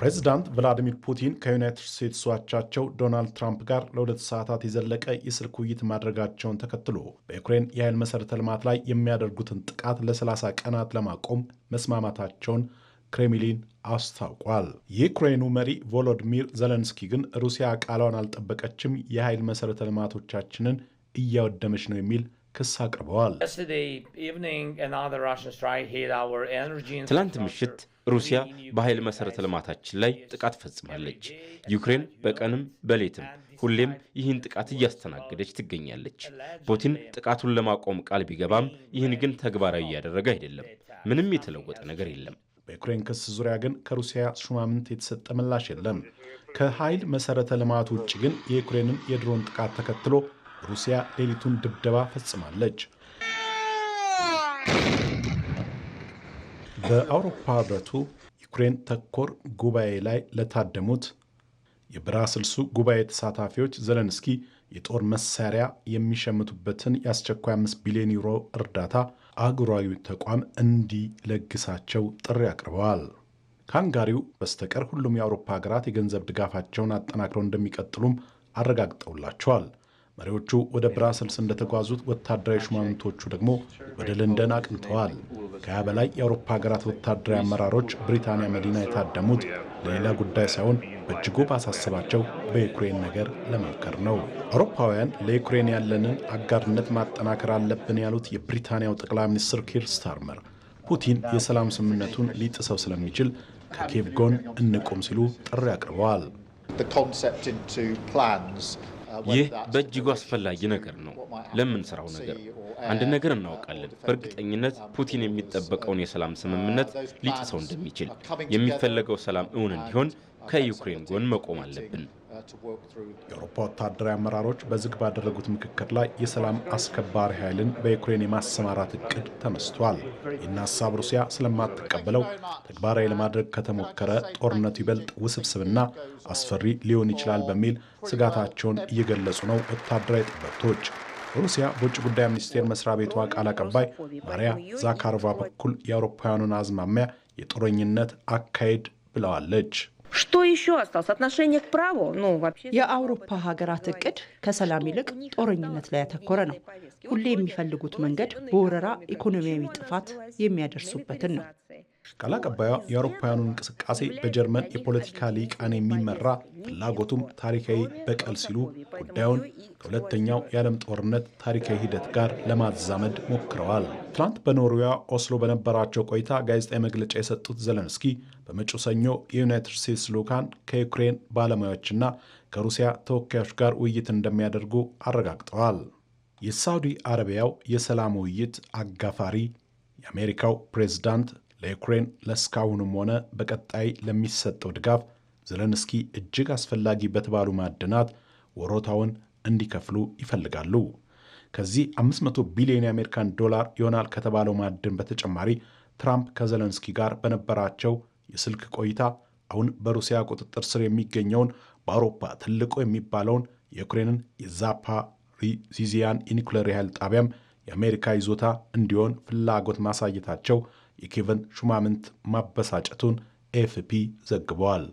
ፕሬዚዳንት ቭላዲሚር ፑቲን ከዩናይትድ ስቴትስ አቻቸው ዶናልድ ትራምፕ ጋር ለሁለት ሰዓታት የዘለቀ የስልክ ውይይት ማድረጋቸውን ተከትሎ በዩክሬን የኃይል መሠረተ ልማት ላይ የሚያደርጉትን ጥቃት ለ30 ቀናት ለማቆም መስማማታቸውን ክሬምሊን አስታውቋል። የዩክሬኑ መሪ ቮሎዲሚር ዘለንስኪ ግን ሩሲያ ቃሏን አልጠበቀችም፣ የኃይል መሠረተ ልማቶቻችንን እያወደመች ነው የሚል ክስ አቅርበዋል። ትላንት ምሽት ሩሲያ በኃይል መሠረተ ልማታችን ላይ ጥቃት ፈጽማለች። ዩክሬን በቀንም በሌትም ሁሌም ይህን ጥቃት እያስተናገደች ትገኛለች። ፑቲን ጥቃቱን ለማቆም ቃል ቢገባም ይህን ግን ተግባራዊ እያደረገ አይደለም። ምንም የተለወጠ ነገር የለም። በዩክሬን ክስ ዙሪያ ግን ከሩሲያ ሹማምንት የተሰጠ ምላሽ የለም። ከኃይል መሠረተ ልማት ውጭ ግን የዩክሬንን የድሮን ጥቃት ተከትሎ ሩሲያ ሌሊቱን ድብደባ ፈጽማለች። በአውሮፓ ህብረቱ ዩክሬን ተኮር ጉባኤ ላይ ለታደሙት የብራስልሱ ጉባኤ ተሳታፊዎች ዘለንስኪ የጦር መሳሪያ የሚሸምቱበትን የአስቸኳይ 5 ቢሊዮን ዩሮ እርዳታ አህጉራዊ ተቋም እንዲለግሳቸው ጥሪ አቅርበዋል። ከሃንጋሪው በስተቀር ሁሉም የአውሮፓ ሀገራት የገንዘብ ድጋፋቸውን አጠናክረው እንደሚቀጥሉም አረጋግጠውላቸዋል። መሪዎቹ ወደ ብራሰልስ እንደተጓዙት ወታደራዊ ሹማምንቶቹ ደግሞ ወደ ለንደን አቅንተዋል። ከሀያ በላይ የአውሮፓ ሀገራት ወታደራዊ አመራሮች ብሪታንያ መዲና የታደሙት ለሌላ ጉዳይ ሳይሆን በእጅጉ ባሳሰባቸው በዩክሬን ነገር ለመምከር ነው። አውሮፓውያን ለዩክሬን ያለንን አጋርነት ማጠናከር አለብን ያሉት የብሪታንያው ጠቅላይ ሚኒስትር ኪር ስታርመር ፑቲን የሰላም ስምምነቱን ሊጥሰው ስለሚችል ከኬቭ ጎን እንቁም ሲሉ ጥሪ አቅርበዋል። Uh, ይህ በእጅጉ አስፈላጊ ነገር ነው ለምንሰራው ነገር። e አንድ ነገር uh, እናውቃለን፣ በእርግጠኝነት ፑቲን uh, የሚጠበቀውን የሰላም ስምምነት ሊጥሰው እንደሚችል። የሚፈለገው ሰላም እውን እንዲሆን ከዩክሬን ጎን መቆም አለብን። የአውሮፓ ወታደራዊ አመራሮች በዝግ ባደረጉት ምክክር ላይ የሰላም አስከባሪ ኃይልን በዩክሬን የማሰማራት እቅድ ተነስቷል። ይህን ሀሳብ ሩሲያ ስለማትቀበለው ተግባራዊ ለማድረግ ከተሞከረ ጦርነቱ ይበልጥ ውስብስብና አስፈሪ ሊሆን ይችላል በሚል ስጋታቸውን እየገለጹ ነው ወታደራዊ ጠበብቶች። ሩሲያ በውጭ ጉዳይ ሚኒስቴር መስሪያ ቤቷ ቃል አቀባይ ማሪያ ዛካሮቫ በኩል የአውሮፓውያኑን አዝማሚያ የጦረኝነት አካሄድ ብለዋለች። የ የአውሮፓ ሀገራት እቅድ ከሰላም ይልቅ ጦረኝነት ላይ ያተኮረ ነው። ሁሌ የሚፈልጉት መንገድ በወረራ ኢኮኖሚያዊ ጥፋት የሚያደርሱበትን ነው። ቃል አቀባዩ የአውሮፓውያኑ እንቅስቃሴ በጀርመን የፖለቲካ ሊቃን የሚመራ ፍላጎቱም ታሪካዊ በቀል ሲሉ ጉዳዩን ከሁለተኛው የዓለም ጦርነት ታሪካዊ ሂደት ጋር ለማዛመድ ሞክረዋል። ትናንት በኖርዌያ ኦስሎ በነበራቸው ቆይታ ጋዜጣዊ መግለጫ የሰጡት ዘለንስኪ በመጪው ሰኞ የዩናይትድ ስቴትስ ልዑካን ከዩክሬን ባለሙያዎችና ከሩሲያ ተወካዮች ጋር ውይይት እንደሚያደርጉ አረጋግጠዋል። የሳዑዲ አረቢያው የሰላም ውይይት አጋፋሪ የአሜሪካው ፕሬዝዳንት ለዩክሬን ለእስካሁንም ሆነ በቀጣይ ለሚሰጠው ድጋፍ ዘለንስኪ እጅግ አስፈላጊ በተባሉ ማዕድናት ወሮታውን እንዲከፍሉ ይፈልጋሉ። ከዚህ 500 ቢሊዮን የአሜሪካን ዶላር ይሆናል ከተባለው ማዕድን በተጨማሪ ትራምፕ ከዘለንስኪ ጋር በነበራቸው የስልክ ቆይታ አሁን በሩሲያ ቁጥጥር ስር የሚገኘውን በአውሮፓ ትልቁ የሚባለውን የዩክሬንን የዛፓሪዚዚያን የኒኩሌር ኃይል ጣቢያም የአሜሪካ ይዞታ እንዲሆን ፍላጎት ማሳየታቸው የኬቨን ሹማምንት ማበሳጨቱን ኤፍፒ ዘግቧል።